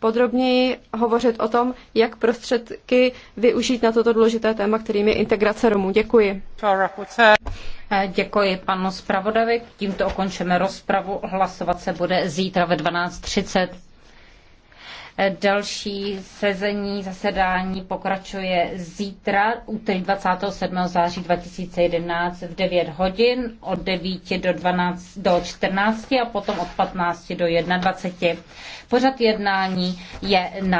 podrobněji hovořit o tom, jak prostředky využít na toto důležité téma, kterým je integrace Romů. Děkuji. Děkuji panu zpravodavi. Tímto okončeme rozpravu. Hlasovat se bude zítra ve 12.30. Další sezení zasedání pokračuje zítra, úterý 27. září 2011 v 9 hodin, od 9 do, 12, do 14 a potom od 15 do 21. Pořad jednání je na